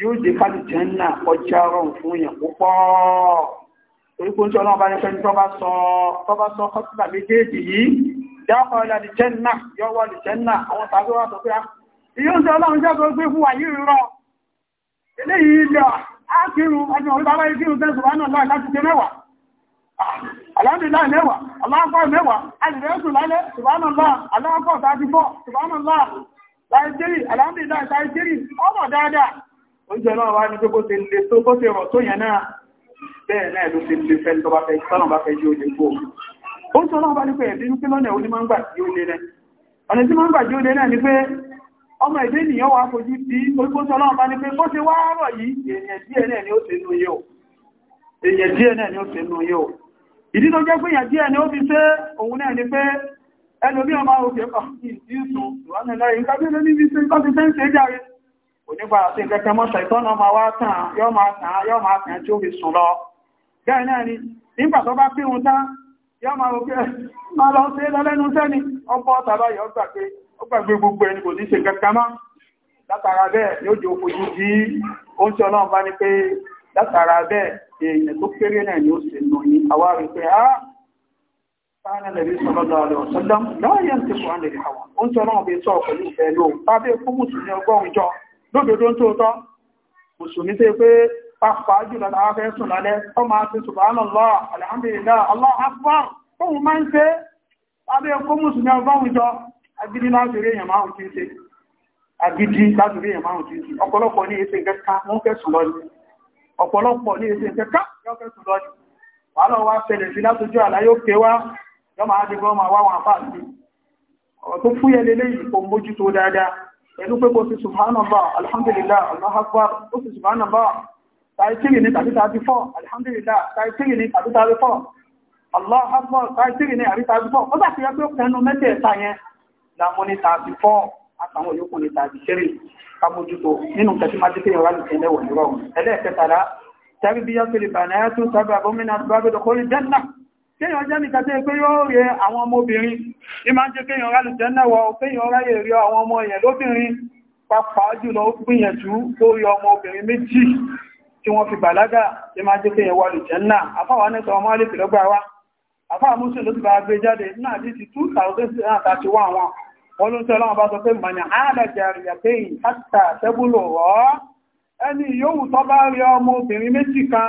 yóò jẹ́ kálùjẹ́ ńlá ọjà ọrọ̀n fún èèyàn púpọ̀ orípo tí ọlọ́run bá ní pẹ́ni tó bá sọ kọ́sílà méjèèjì yìí dákọ̀ ọlá di jẹ́nà yọ́wọ́ di jẹ́nà àwọn tàbí wà tó pé ah, yóò jẹ́ ọlọ́run jẹ́ tó gbé fún wàyí rọ eléyìí lọ ákírun ọjọ́ orí bàbá ikírun tẹ́ sùn lánàá láì láti jẹ mẹ́wàá alhamdulillah mẹ́wàá aláàkọ́ mẹ́wàá alìrẹ́ sùn lálẹ́ subhanallah aláàkọ́ 34 subhanallah láìjẹ́rì alhamdulillah láìjẹ́rì ọmọ dáadáa oúnjẹ náà wá ní pé kó ṣe lè tó kó ṣe rọ̀ tó yẹn náà bẹ́ẹ̀ náà ló ṣe lè fẹ́ tọ́ba fẹ́ sọ́nà bá fẹ́ jí ó lè kó ó sọ náà bá ní pé ẹ̀bí wípé lọ́nà òní máa ń gbà jí ó lé náà ọ̀nà tí máa ń gbà jí ó lé náà ni pé ọmọ ìdé ènìyàn wà fojú sí orí kó sọ náà bá ní pé bó ṣe wá rọ̀ yìí èèyàn díẹ̀ náà ni ó ṣe nú yé o èèyàn díẹ̀ o ìdí onígbà àti ìkẹ́kẹ́ mọ́ṣà ìtọ́nà ma wá tàn yọ́ ma tàn yọ́ ma tàn tí ó fi sùn lọ bẹ́ẹ̀ náà ni nígbà tó bá pín tán yọ́ ma rògbé ma lọ sí lọ́lẹ́nu sẹ́ni ọgbọ́ tàbá yọ gbàgbé ó gbàgbé gbogbo ẹni kò ní ṣe kẹ́kẹ́ mọ́ lódodo tó tọ́ mùsùlùmí tẹ́ pé pàpàá jùlọ àwọn fẹ́ sùn lálẹ́ ọ máa ti subhanallah alhamdulillah allah akbar fóun máa ń ṣe lábẹ́ ẹkọ́ mùsùlùmí ọgbọ́n jọ agidi láti rí èèyàn márùn tí ń ṣe agidi láti rí èèyàn márùn tí yọ́ máa dìbọn máa wá wọn ọ̀rọ̀ tó fúyẹ́ lélẹ́yìn kò dáadáa pẹ̀lú pé kò sí subhanallah alhamdulillah allah akbar ó sì subhanallah tàìtìrì ní tàbí tàbí fọ́ alhamdulillah tàìtìrì ní tàbí tàbí fọ́ allah akbar tàìtìrì ní àrí tàbí fọ́ ó bá ti yẹ pé ó kẹnu mẹ́tẹ̀ẹ̀ta yẹn lámú ní tàbí fọ́ àtàwọn yòókù ní tàbí ṣeré kámójútó nínú kẹtí máa dípé ìwà lùkẹ́ lẹ́wọ̀ nírọ̀ lè bà náà tún sábà gómìnà tó bá gbẹdọ̀ kórìí jẹ́ náà kéèyàn jẹ́ nìkan tí pé yóò rí àwọn ọmọbìnrin ní máa ń jẹ́ kéèyàn rálù jẹ́ náwọ̀ kéèyàn ráyè rí àwọn ọmọ èèyàn lóbìnrin pàápàá jùlọ gbìyànjú lórí ọmọ obìnrin méjì tí wọ́n fi bàlágà ní máa jẹ́ kéèyàn wà lù jẹ́ náà àfáwà ní sọ ọmọ alẹ́ ìlọ́gbà wa àfáà mú sí ló ti bá gbé jáde náà bí ti 2031 wọn wọ́n ló ń sọ ọlọ́run bá sọ pé mọ̀nà àádàjàrìyàtẹ́yìn hátà tẹ́bùlò rọ́ ẹni yóò tó bá rí ọmọ obìnrin méjì kan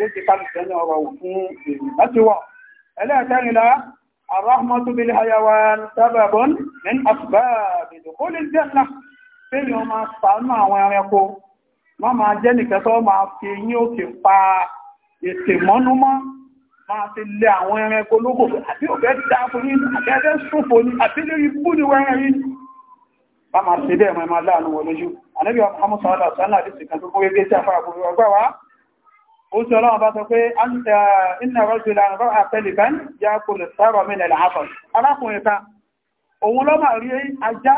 yóò ti ká lùfẹ́ ní ọrọ̀ fún èrò láti wọ̀ ẹlẹ́ẹ̀kẹrìnlá arahmatu bil hayawan sababun min asbab dukhul al janna fẹ́mi ọmọ sàánú àwọn ẹranko wọ́n máa jẹ́ nìkan tó máa fi yín ó ti pa ètè mọ́númọ́ máa fi lé àwọn ẹranko lóko àbí òbẹ́ ti dáa fún yín àbí ẹgbẹ́ sùnfò ó sì ọlọ́wọ́ bá sọ pé iná rọ́jùlá rọ́ àpẹẹlìbán ya kò lè sọ́rọ̀ mí lẹ́lẹ̀ àpọ̀ alákùnrin ta òun lọ́mà rí ajá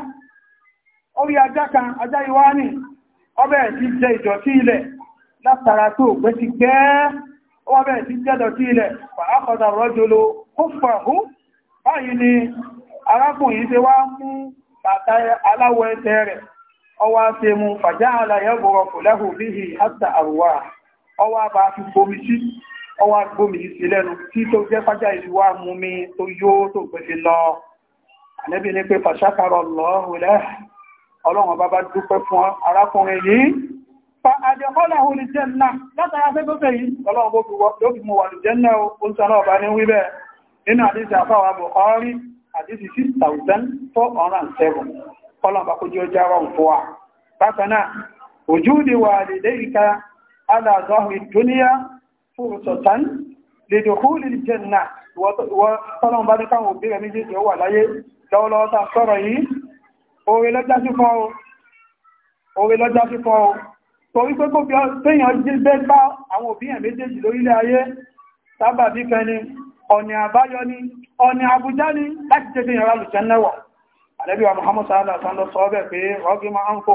orí ajá kan ajá iwá ní ọbẹ̀ ti jẹ ìdọ̀tí ilẹ̀ látara tó pé ti gbẹ́ ọbẹ̀ ti jẹ ìdọ̀tí ilẹ̀ pàápàá rọ́jùlọ kó fàáhú báyìí ni arákùnrin ti wá mú ọwọ́ àbá fi bomi sí ọwọ́ agbómi sí lẹ́nu tí tó jẹ́ fájá ìṣúwà mú mi tó yóò tó gbèsè lọ àlẹ́bí ní pé fàṣákàrọ̀ lọ́wọ́lẹ́ ọlọ́run bá bá dúpẹ́ fún arákùnrin yìí fa àjẹ́kọ́lá olè jẹ́ ńlá látara fẹ́ tó fẹ́ yìí ọlọ́run bó fi mọ̀ wà lè jẹ́ ńlá o ń sọ náà bá ní wíbẹ̀ nínú àdíṣẹ́ àfáwà Bukhari àdíṣẹ́ 6407 ọlọ́run bá kójú ọjá rọrùn fún wa bákan náà òjú ìdíwà lè lè ìka على ظهر الدنيا فرصة لدخول الجنة وطلعوا بعد كانوا بيرا ميجي هو لاي دولة تأثر يي oore lọ́já sí fún ọ oore lọ́já sí fún ọ torí pé kó fi ọ́sẹ́yàn jí bẹ́ bá àwọn òbíyàn méjèèjì lórílẹ̀ ayé sábà bí fẹni ọ̀nà àbáyọ ni ọ̀nà àbújá ni láti tẹ́fẹ́ yàrá lùsẹ́ náwọ̀ àdẹ́bíwà Muhammad sallallahu alaihi wasallam sọ bẹ́ẹ̀ pé rọ́gí máa ń fò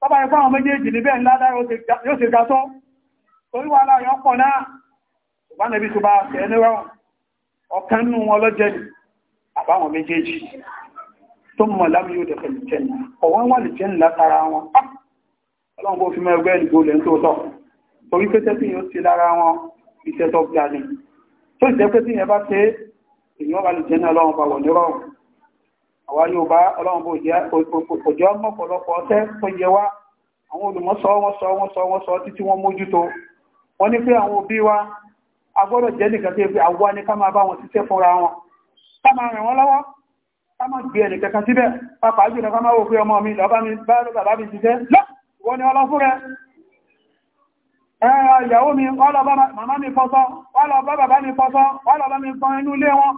tọ́bá ẹ̀kọ́ àwọn méjèèjì níbẹ̀ ńládá yóò ṣe gàtọ́ torí wà láàrin ọkọ̀ náà ṣùgbọ́n tó bá ṣẹ̀ ọ̀kan nù wọn lọ́jẹ́ ni àbáwọn méjèèjì tó mọ̀ lámì yóò ọ̀wọ́n wà lìjẹ́ látara wọn ah! àwa Yorùbá ọlọ́run bò jẹ́ òjò mọ́pọ̀lọpọ̀ ọtẹ́ tó yẹ wá àwọn olùmọ́sọ wọn sọ wọn sọ wọn sọ títí wọn mójútó wọn ní pé àwọn òbí wa a gbọ́dọ̀ jẹ́ nìkan tó yẹ pé àwa ni ká máa bá wọn ṣiṣẹ́ fúnra wọn ká máa rìn wọn lọ́wọ́ ká máa gbé ẹnì kankan síbẹ̀ pàpà jùlọ ká máa wò pé ọmọ mi lọ́ba mi bá bàbá mi ṣiṣẹ́ lọ́ wọ́n ni ọlọ́ fún rẹ̀ ìyàwó mi wọ́n lọ bá màmá mi fọ́sọ́ wọ́n lọ bá bàbá mi fọ́sọ́ wọ́n lọ bá mi fọ́ inú ilé wọn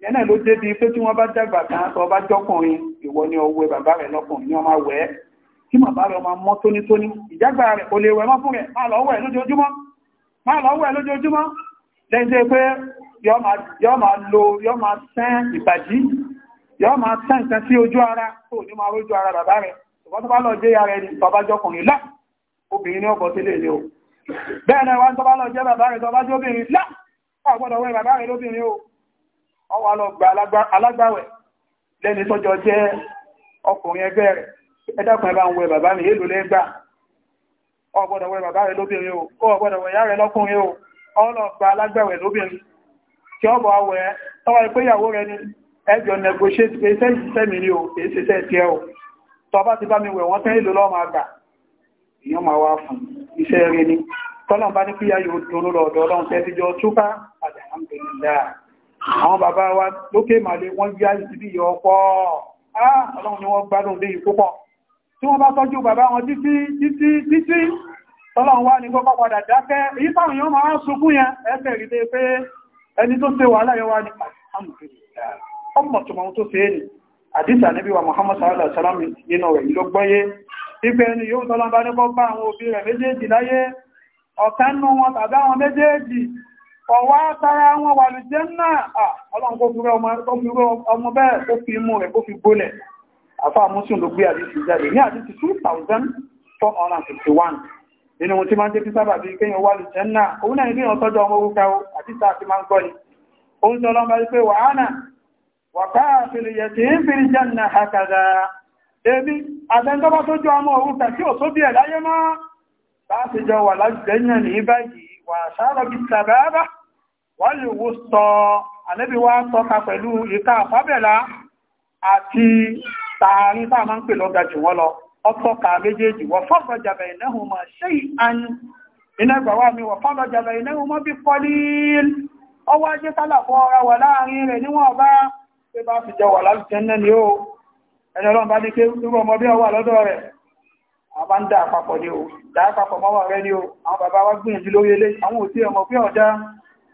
ìyẹn náà ló dé bíi pé tí wọ́n bá dàgbà kan tó bá jọ́kùnrin ìwọ ni ọwọ́ bàbá rẹ̀ lọ́kùnrin ni ọmọ wẹ̀ ẹ́ kí bàbá rẹ̀ ọmọ mọ́ tónítóní ìjágbà rẹ̀ kò lè wẹ̀ mọ́ fún rẹ̀ má lọ wẹ̀ lójoojúmọ́ má lọ wẹ̀ pé yọ́ máa lo yọ́ máa sán ìbàdí yọ́ máa sán nǹkan sí ojú ara tó ní máa rójú ara bàbá rẹ̀ ṣùgbọ́n tó bá lọ jẹ́ ara ẹni bàbá jọkùnrin lá obìnrin ní ọkọ̀ sílé ilé o bẹ́ẹ̀ náà wá tó bá lọ jẹ́ bàbá rẹ̀ tó bá jóbìnrin lá àgbọ́dọ̀ wẹ̀ bàbá rẹ̀ lóbìnrin o ọwà lọ gba alágbàwẹ̀ lẹ́ni tọ́jọ jẹ́ ọkùnrin ẹgbẹ́ rẹ̀ ẹdàkùn ẹbá ń wẹ bàbá mi èlò lẹ́gbà ọgbọ́dọ̀ wẹ bàbá rẹ̀ lóbìnrin o ọgbọ́dọ̀ wẹ rẹ̀ lọ́kùnrin o ọlọ gba alágbàwẹ̀ lóbìnrin tí ọ bọ̀ awẹ̀ mi ni o ti bá àwọn bàbá wa lókè màlé wọ́n yá ìsìbí yọ ọpọ́ ah, ọlọ́run ni wọ́n gbádùn lé yìí púpọ̀ tí wọ́n bá tọ́jú bàbá wọn títí títí títí tọ́lọ́run wá ní kọ́kọ́ padà dákẹ́ èyí táwọn èèyàn máa ń sunkún yẹn ẹsẹ̀ rí lé pé ẹni tó ṣe wàhálà yẹn wá ní ọmọ tó máa tó ṣe é ní àdísà níbi wa Muhammad sallallahu alaihi wasallam nínú rẹ̀ ló gbọ́yé ipe ẹni yóò tọ́lọ́ bá ní kọ́ bá àwọn òbí rẹ̀ méjèèjì láyé ọ̀kan nú wọn tàbí àwọn méjèèjì ọwá tara wọn wà lè jẹ́ náà ọlọ́run kó ọmọ bẹ́ẹ̀ ó fi imú rẹ̀ ó fi gbólẹ̀ afá mùsùn ló gbé àdísì jáde ní àdísì 2451 nínú tí máa jẹ́ kí sábà bí kéyàn wà jẹ́ náà òun náà ọ̀tọ́jọ́ ọmọ ti máa ń gbọ́ ni ó ń sọ lọ́mọ pé wàhánà ebi tó jọ ọmọ tí ò ẹ̀ láyé bá ti jọ wà wọ́n lè wó sọ ànábì wá tọ́ka pẹ̀lú ìka àfábẹ̀lá àti tààrí tá a máa ń pè lọ́gà jù wọ́n lọ ọtọ́ka méjèèjì wọ́n fọ́gbọ́ jàbẹ̀ ìnáhùn mọ̀ ṣe ìhàn iná ìgbàwà mi wọ́n fọ́gbọ́ jàbẹ̀ ìnáhùn mọ́ bá ni ó ẹni ọlọ́run bá ní pé irú ọmọ bí ọwà lọ́dọ̀ ń dá àpapọ̀ ni ó dá àpapọ̀ mọ́wọ́ rẹ̀ ni ó àwọn bàbá wa gbìyànjú lórí ilé àwọn òsì ọmọ pé ọ̀dá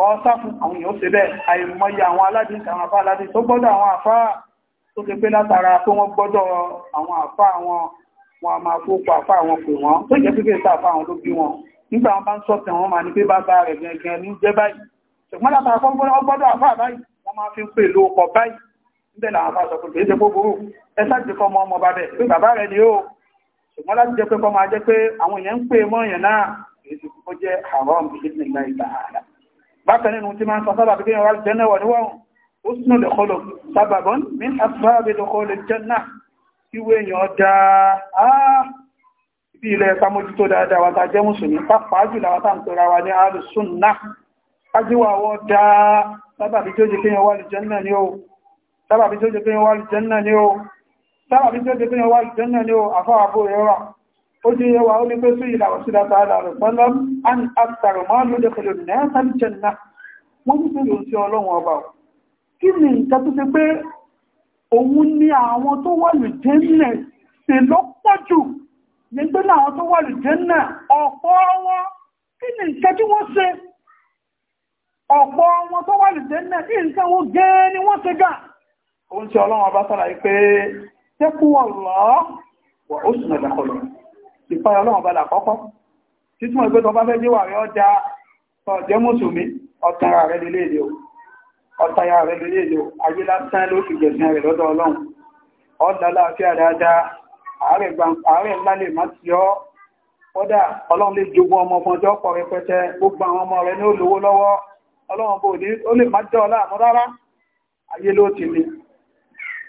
ọ̀sáfún àwọn èèyàn ṣe bẹ́ẹ̀ àìmọye àwọn aládìsí àwọn àfá aládìsí tó gbọ́dọ̀ àwọn àfá tó ti pé látara pé wọ́n gbọ́dọ̀ àwọn àfá àwọn wọn a máa fóòpù àfá àwọn pè wọ́n tó jẹ́ pípé sí àfá àwọn ló bí wọn nígbà wọn bá ń sọ́tẹ̀ wọn máa ní pé bàbá rẹ̀ gẹ̀ẹ́gẹ̀ẹ́ ní jẹ́ báyìí ṣùgbọ́n látara pé wọ́n gbọ́dọ̀ àfá báyìí wọ́n máa fi ń pè lóòpọ̀ báyìí níbẹ̀ làwọn àfá sọ pé kìí ṣe gbogbo ẹ sáàjì kọ́ ọmọ ọmọ bá bẹ̀ pé bàbá rẹ̀ ni ó ṣùgbọ́n láti jẹ́ pé kọ́ máa jẹ́ pé àwọn èèyàn ń pè mọ́ èèyàn náà èyí ti kọ́ jẹ́ haram ìdílé ìlà ìlà ààrẹ bákan nínú tí máa ń sọ sábà bí wọ́n jẹ́nà wọ̀ níwọ̀n ó sínú lẹ́kọlọ̀ sábàbọ́n ní àfáàbí lọ́kọlẹ̀ jẹ́nà ìwé èèyàn dáa bí ilẹ̀ pamójútó dáadáa wa ta jẹ́ mùsùlùmí pàápàá jùlọ wa ta ń pera wa ní alùsùnà ajíwàwọ́ dáa sábàbí ojú yẹwà ó ní pé sí ìlà òsìdá tààdà rẹ̀ pẹ́lọ́ àni àtàrà máa ló dẹ̀kọ̀lẹ̀ nẹ́ẹ̀ta jẹ́nà wọ́n ní pẹ̀lú sí ọlọ́run ọba ò kí ni nǹkan tó ṣe pé òun ni àwọn tó wà lù jẹ́nà ṣe lọ́pọ̀ jù àwọn tó wà lù jẹ́nà ọ̀pọ̀ wọn kí ni nǹkan tí wọ́n ṣe ọ̀pọ̀ ìpáyà ọlọ́run balà kọ́kọ́ títún ẹgbẹ́ tó bá fẹ́ jíwà rẹ̀ ọjà ọjẹ́ mùsùlùmí ọ̀tara rẹ̀ lélẹ́èdè o ọ̀tara rẹ̀ lélẹ́èdè o ayé lásán ló fi gbẹ̀sìn rẹ̀ lọ́dọ̀ ọlọ́run ọ̀dà láàfíà dáadáa ààrẹ ńlá lè má ti ọ́ kọ́dà ọlọ́run lè jogún ọmọ fún ọjọ́ pọ̀ rẹpẹtẹ gbogbo àwọn ọmọ rẹ̀ ní ó lówó lọ́wọ́ ọlọ́run bò ní ó lè má jẹ́ ọlá àmọ́ rárá ayé ló ti ní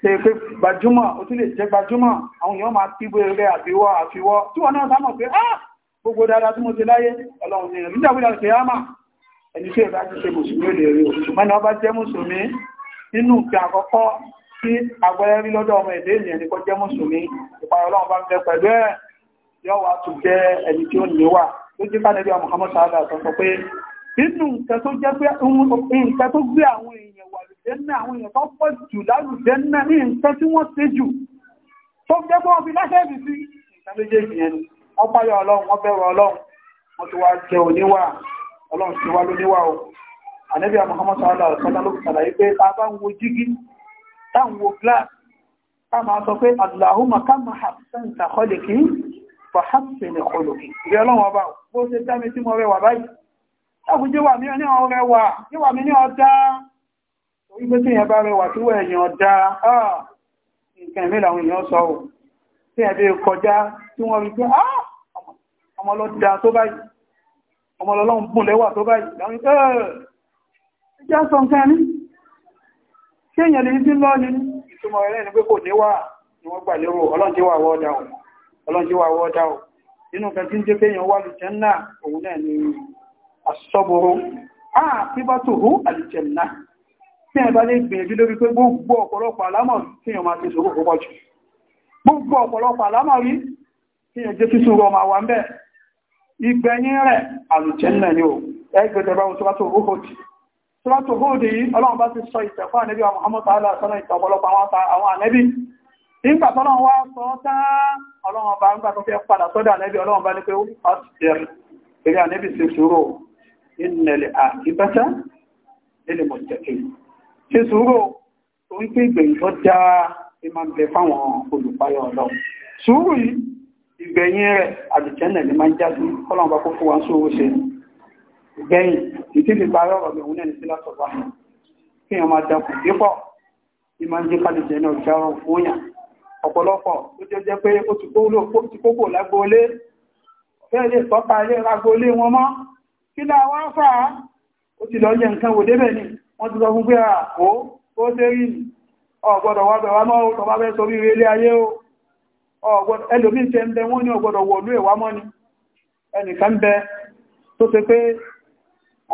pé gbajúmọ̀ ó tún lè jẹ́ gbajúmọ̀ àwọn èèyàn máa kígbe rẹ̀ àfiwọ́ àfiwọ́ tí wọ́n náà sámọ̀ pé ah gbogbo dáadáa tí mo ti láyé ọlọ́run ni ìrìnlẹ̀ ìjàwé láti yáàmà ẹni tí ẹ̀bá ti ṣe mùsùlùmí lè rí ṣùgbọ́n ni ọba jẹ́ mùsùlùmí nínú ìpín àkọ́kọ́ tí agbẹ́rẹ́ rí lọ́dọ̀ ọmọ èdè ènìyàn ní kọ́ jẹ́ mùsùlùmí ìpayọ̀ ọlọ́run bá ń bẹ pẹ̀lú ẹ̀ yọ wá tún jẹ́ ẹni jẹ́nà àwọn èèyàn tó pọ̀ jù lálù jẹ́nà ní nǹkan tí wọ́n ṣe jù tó jẹ́ pé wọ́n fi láṣẹ́bì sí nǹkan méjèèjì yẹn wọ́n páyọ ọlọ́run wọ́n bẹ̀rọ ọlọ́run wọ́n ti wá jẹ oníwà ọlọ́run ti wá lóníwà o ànẹ́bí Muhammad sallallahu alaihi wasallam ló fi ṣàlàyé pé ta bá ń wo jígí tá Allahumma kama hasanta khaliki fa hasini khuluki ìrẹ́ ọlọ́run ọba bó ṣe dá mi tí mo rẹwà báyìí láwùjẹ́ wà mí ní wípé tí èyàn bá rẹwà tí wọ́n èyàn dá àà ah, nǹkan ìmìlà àwọn èyàn sọ ò tí èyàn bí kọjá tí wọ́n rí pé àà ah, ọmọlọ́dá tó báyìí ọmọlọ́lọ́run bùn lẹ́wà tó báyìí láwọn ìpẹ́ ẹjá sọ nǹkan ní kí èyàn lè ní sí lọ́ọ̀ni ìtumọ̀ rẹ̀ ní pé kò níwà ni wọ́n gbà lérò ọlọ́njíwà tí ẹ bá lè gbìyànjú lórí pé gbogbo ọ̀pọ̀lọpọ̀ àlámọ̀ tí èèyàn máa ti ṣòro púpọ̀ jù gbogbo ọ̀pọ̀lọpọ̀ àlámọ̀ rí tí èèyàn jẹ́ títún rọ máa wà ń bẹ̀ ìgbẹ̀yìn rẹ̀ àlùjẹ́ ńlẹ̀ ni ó ẹgbẹ̀tẹ̀ bá sọ́tò hóòdì sọ́tò ní ṣe sùúrò tó ń pín ìgbẹ̀yìn tó já ẹ máa ń bẹ fáwọn olùpayọ̀ ọ̀dọ́ sùúrù yìí ìgbẹ̀yìn rẹ̀ àdìjẹ́nẹ̀ ni máa ń jáde kọ́lọ̀ bá kó fún wa sóòrò ṣe ìgbẹ̀yìn ìtí fi parí ọ̀rọ̀ lòun náà ní sí látọ̀ bá kí wọ́n máa dẹkùn dípọ̀ ní máa ń jẹ́ kálíjẹ́ náà já ọ̀rọ̀ fún yàn ọ̀pọ̀lọpọ̀ ó jẹ́ jẹ́ pé ó ti kókò lágbóolé fẹ́ẹ̀ lè tọ́ka ilé ragbóolé wọn mọ́ kí láwọn fà á ó ti lọ yẹ nǹkan wò débẹ̀ ni wọ́n ti sọ fún pé àkó ó tẹ́rì ní ọ̀gbọ́dọ̀ wà bẹ̀wà mọ́ tó bá fẹ́ sorí ilé ayé o ẹlòmín tẹ́ ń bẹ wọ́n ní ọ̀gbọ́dọ̀ wọ̀lú ẹ̀wà mọ́ ni ẹnìkan bẹ tó ṣe pé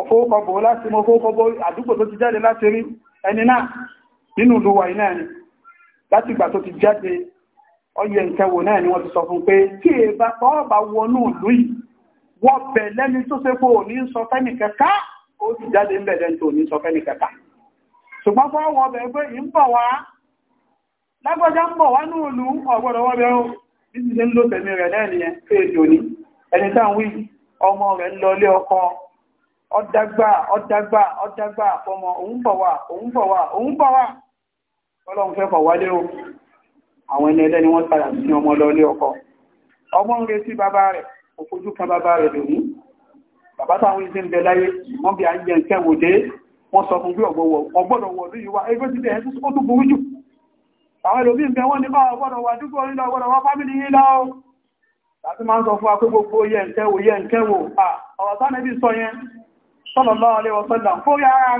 ọkọ̀ọ́kọ̀bọ̀ láti mọ́ fóókọ̀bọ̀ àdúgbò tó ti jáde láti rí ẹni náà nínú ìlúwà iná ni láti ìgbà tó ti jáde ọyẹ ìtẹwò náà ni wọ́n ti sọ fún pé tí èbá tọ́ bá wọnú ìlú yìí wọ́n bẹ̀ lẹ́ni tó ṣe ò ní sọ fẹ́nìkẹ́ká ó ti jáde ń bẹ̀rẹ̀ tó ní sọfẹ́ni kẹta ṣùgbọ́n fọ́ wọ́n bẹ̀ pé yìí ń bọ̀ wá lágbọ́já ń bọ̀ wá ní òlú ọ̀gbọ̀dọ̀ wọ́n bí ti ṣe ń lò tẹ̀mí rẹ̀ ẹni ń wí ọmọ rẹ̀ o àwọn ẹni ẹlẹ́ni wọ́n padà sí ọmọ lọ lé ọkọ ọmọ ń retí bàbá rẹ̀ òfojú kan àbátàwọn ìsìn bẹ láyé wọ́n bí ayé ǹkẹ́ wò dé wọ́n sọ fún bí ọgbọ̀wọ̀ ọgbọ́dọ̀ wọ̀ ní ìwà ẹgbẹ́ ti bẹ̀ẹ́ tó tó burú jù àwọn ìlòmí ń bẹ wọ́n ní bá ọgbọ́dọ̀ wà dúkọ́ nílọ ọgbọ́dọ̀ wá fámìlì yìí lọ láti máa ń sọ fún akó gbogbo yẹ ǹkẹ́ wò yẹ ǹkẹ́ wò ọ̀rọ̀ sáà nẹ́bí sọ yẹn sallallahu alaihi wasallam fórí ara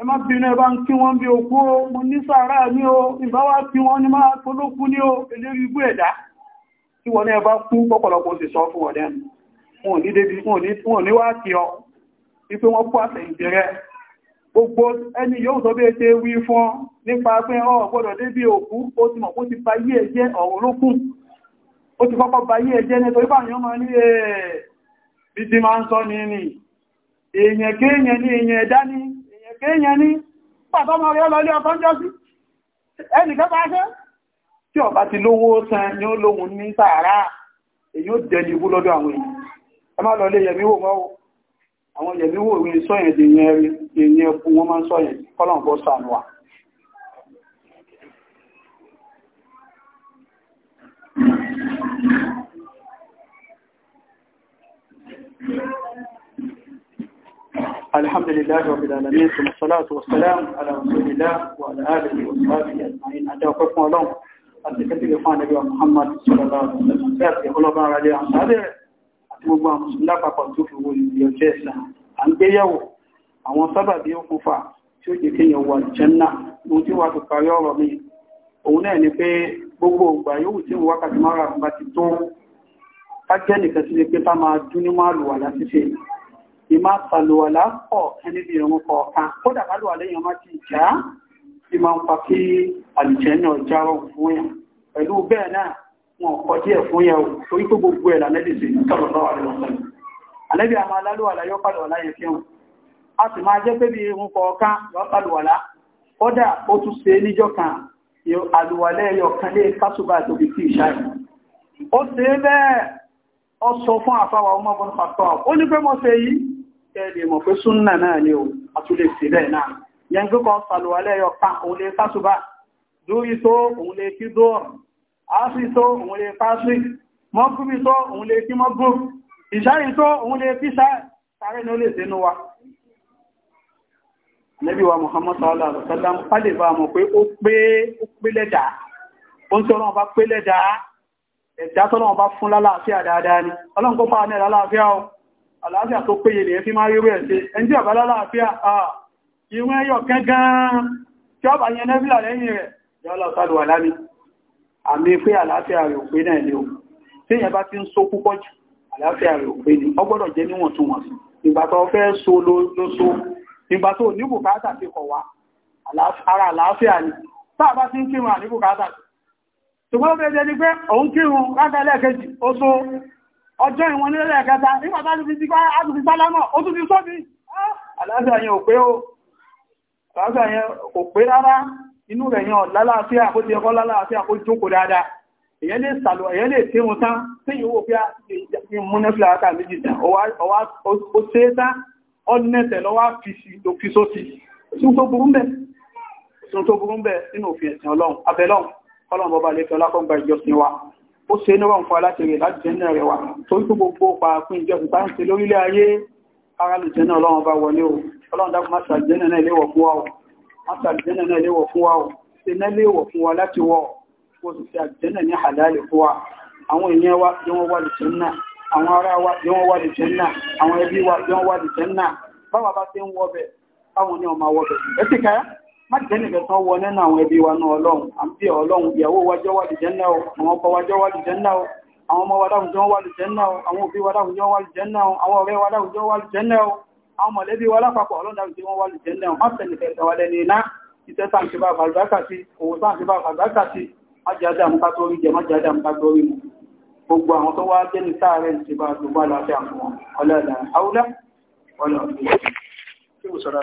rẹ̀ o mo ní sàárà ní o ìbáwá o elérígbó ẹ̀dá tí wọ́n ní ẹbá kún pọ́pọ̀lọpọ̀ sì sọ fún ọ̀dẹ́ wọn ní débi wọn ní wá kí ọ wípé wọ́n kú àtẹ̀yìntì rẹ gbogbo ẹni yóò sọ bí ẹ ṣe wí fún ọ nípa pé ọ gbọ́dọ̀ débi òkú ó ti mọ̀ kó ti fa yí ẹ̀jẹ̀ ọ̀run ló kù ó ti kọ́kọ́ ba yí ẹ̀jẹ̀ nítorí báyìí ọmọ ní ẹ̀ bí ti máa ń sọ ní ní èèyàn kéèyàn ní èèyàn ẹ̀dá ní èèyàn kéèyàn ní pàtọ́mọ̀ rẹ̀ lọ lé ọkọ̀ ń jọ sí ẹnìkẹ́ bá ṣẹ́ tí ọba ti lówó san ni ó lóhun ní sàárà èyí ó dẹni ikú lọ́dọ̀ àwọn èèyàn ẹ má lọ lé yẹmí wò àwọn yẹmí rí sọ́yẹ̀ dèyìn ẹkù wọ́n máa ń sọ́yẹ̀ kọ́lọ̀n sànúwà الحمد لله رب العالمين والصلاة والسلام على رسول الله وعلى آله وصحبه أجمعين أدعوكم الله àti kẹtìlẹ̀ fún àdẹ́gbà Muhammad sọ́lọ́lá ọ̀sẹ̀ àti ọlọ́bà ara lé àwọn àbẹ́ rẹ̀ àti gbogbo àwọn mùsùlùmí lápapọ̀ tó fi wo ìdí ọjọ́ ẹ̀sà à ń gbéyẹ̀wò àwọn sábàbí òkúfà tí ó jẹ́ kéèyàn wà jẹ́nà ohun tí wà fi parí ọ̀rọ̀ mi òun náà ni pé gbogbo ògbà yóò tí wákàtí mara bá ti tó ká jẹ́ nìkan sí pé ká máa dún ní máa lùwà láti ṣe ìmá sàlùwà lápọ̀ ẹni bí ìrún kọ̀ọ̀kan kódà ká lùwà lẹ́yìn ọmọ ti ìmọ̀ ń pa kí àlìjẹ́ náà járọ fún yà pẹ̀lú bẹ́ẹ̀ náà wọn kọ díẹ̀ fún yà torí pé gbogbo ẹ̀ lànẹ́bì sí kọlọ̀lọ́ àríwọ̀sán àlẹ́bì àmà alálùwàlá yọ́ pàlùwàlá yẹ fi hàn a sì máa jẹ́ pé bí irun kọ̀ọ̀kan yọ́ pàlùwàlá kọ́dà ó tún ṣe níjọ́ kan àlùwàlá ẹyọ kan lé kásùbà tóbi sí ìṣáì ó ṣe bẹ́ẹ̀ ọ sọ fún àfáwà ọmọ ọmọ pàtó ó ní pé mo ṣe yìí kẹ́ lè mọ̀ pé súnnà náà ni ó àtúlẹ̀ sí náà yanzu kan salwale yọ kan òun lè kásùbá lórí tó òun lè kí dóòrùn áṣì tó òun lè kásì mọ́gúbí tó òun lè kí mọ́gún ìṣáyìn tó òun lè kí sáré ní ó lè sínú wa Nabi wa Muhammad sallallahu alaihi wasallam pàdé bá mọ̀ pé ó pé ó pé lẹ́dà ó ń tọ́lọ́wọ́n bá pé lẹ́dà ẹ̀dá tọ́lọ́wọ́n bá fún lálàáfíà dáadáa ìwé ẹyọ kẹgán tí ọba yẹn nẹ́bílà lẹ́yìn rẹ̀ yọ́lọ sàdùwà lámì àmì pé àlàáfíà rẹ̀ òpé náà ni o tí èyàn bá ti ń só púpọ̀ jù àlàáfíà rẹ̀ òpé ni ó gbọ́dọ̀ jẹ́ níwọ̀ntúnwọ̀nsì ìgbà tó fẹ́ so ló so ìgbà tó ní bùkátà ti kọ̀ wá ara àlàáfíà ni táà bá ti ń kírun àní bùkátà ṣùgbọ́n bẹ́ẹ̀ jẹ́ ni pé òun kírun látàlẹ́ẹ̀kejì ó so ọjọ́ ìwọ̀n nílẹ̀ kẹta nígbà tá ti fi sálámọ̀ ó tún ti sọ́ ni àlàáfíà yẹn ò pé ó fàáṣà yẹn kò pé rárá inú rẹ̀ yàn lálàáfíà kó ti ẹkọ́ lálàáfíà kó jókòó dáadáa èyàn lè sàlọ̀ èyàn lè tí wọn tán tí yíò wò pé a ti múná fìlà àkà méjì tán ó ṣe é tán ó nẹ́sẹ̀ lọ́wọ́ fi sóti sun tó burú bẹ́ẹ̀ sun tó burú bẹ́ẹ̀ nínú òfin ẹ̀sìn ọlọ́run abẹ́lọ́run ọlọ́run bọba lè fi ọlákọ́ngbà ìjọsìn wa ó ṣe ní wọn fún aláṣẹrẹ láti jẹ́ náà rẹ̀ wà torí tó gbogbo pàápín ìjọsìn bá ń ṣe lórílẹ̀ ayé ara lè jẹ́ náà ọlọ́run bá wọlé o ọlọ́run dákun má ṣàjẹ́nà náà léwọ̀ fún wa o má ṣàjẹ́nà náà léwọ̀ fún wa o ṣe náà léwọ̀ fún wa láti wọ̀ kó sì ṣe àjẹ́nà ní àdáàlè fún wa àwọn èèyàn wa bí wọ́n wà lùjẹ́ náà àwọn ará wa bí wọ́n wà lùjẹ́ náà àwọn ẹbí wa bí wọ́n wà lùjẹ́ náà báwa bá ti ń wọ bẹ̀ báwọn ní jẹ́ náà àwọn ọkọ wájọ́ jọ wà lùjẹ́ náà náà àwọn ọ̀rẹ́ wa jọ wà lùjẹ́ náà àwọn mọ̀lẹ́bí wa lápapọ̀ ọlọ́dàbí tí wọ́n wà lè jẹ́lẹ̀ ọmọ tẹ̀lẹ̀fẹ̀ ìtawalẹ̀ ní iná ìtẹ́ sáǹtì bá àgbàkà sí òwò sáǹtì bá àgbàkà sí májáde àmúká tó rí jẹ májáde àmúká jẹ́ ní sáàrẹ̀ ti bá gbogbo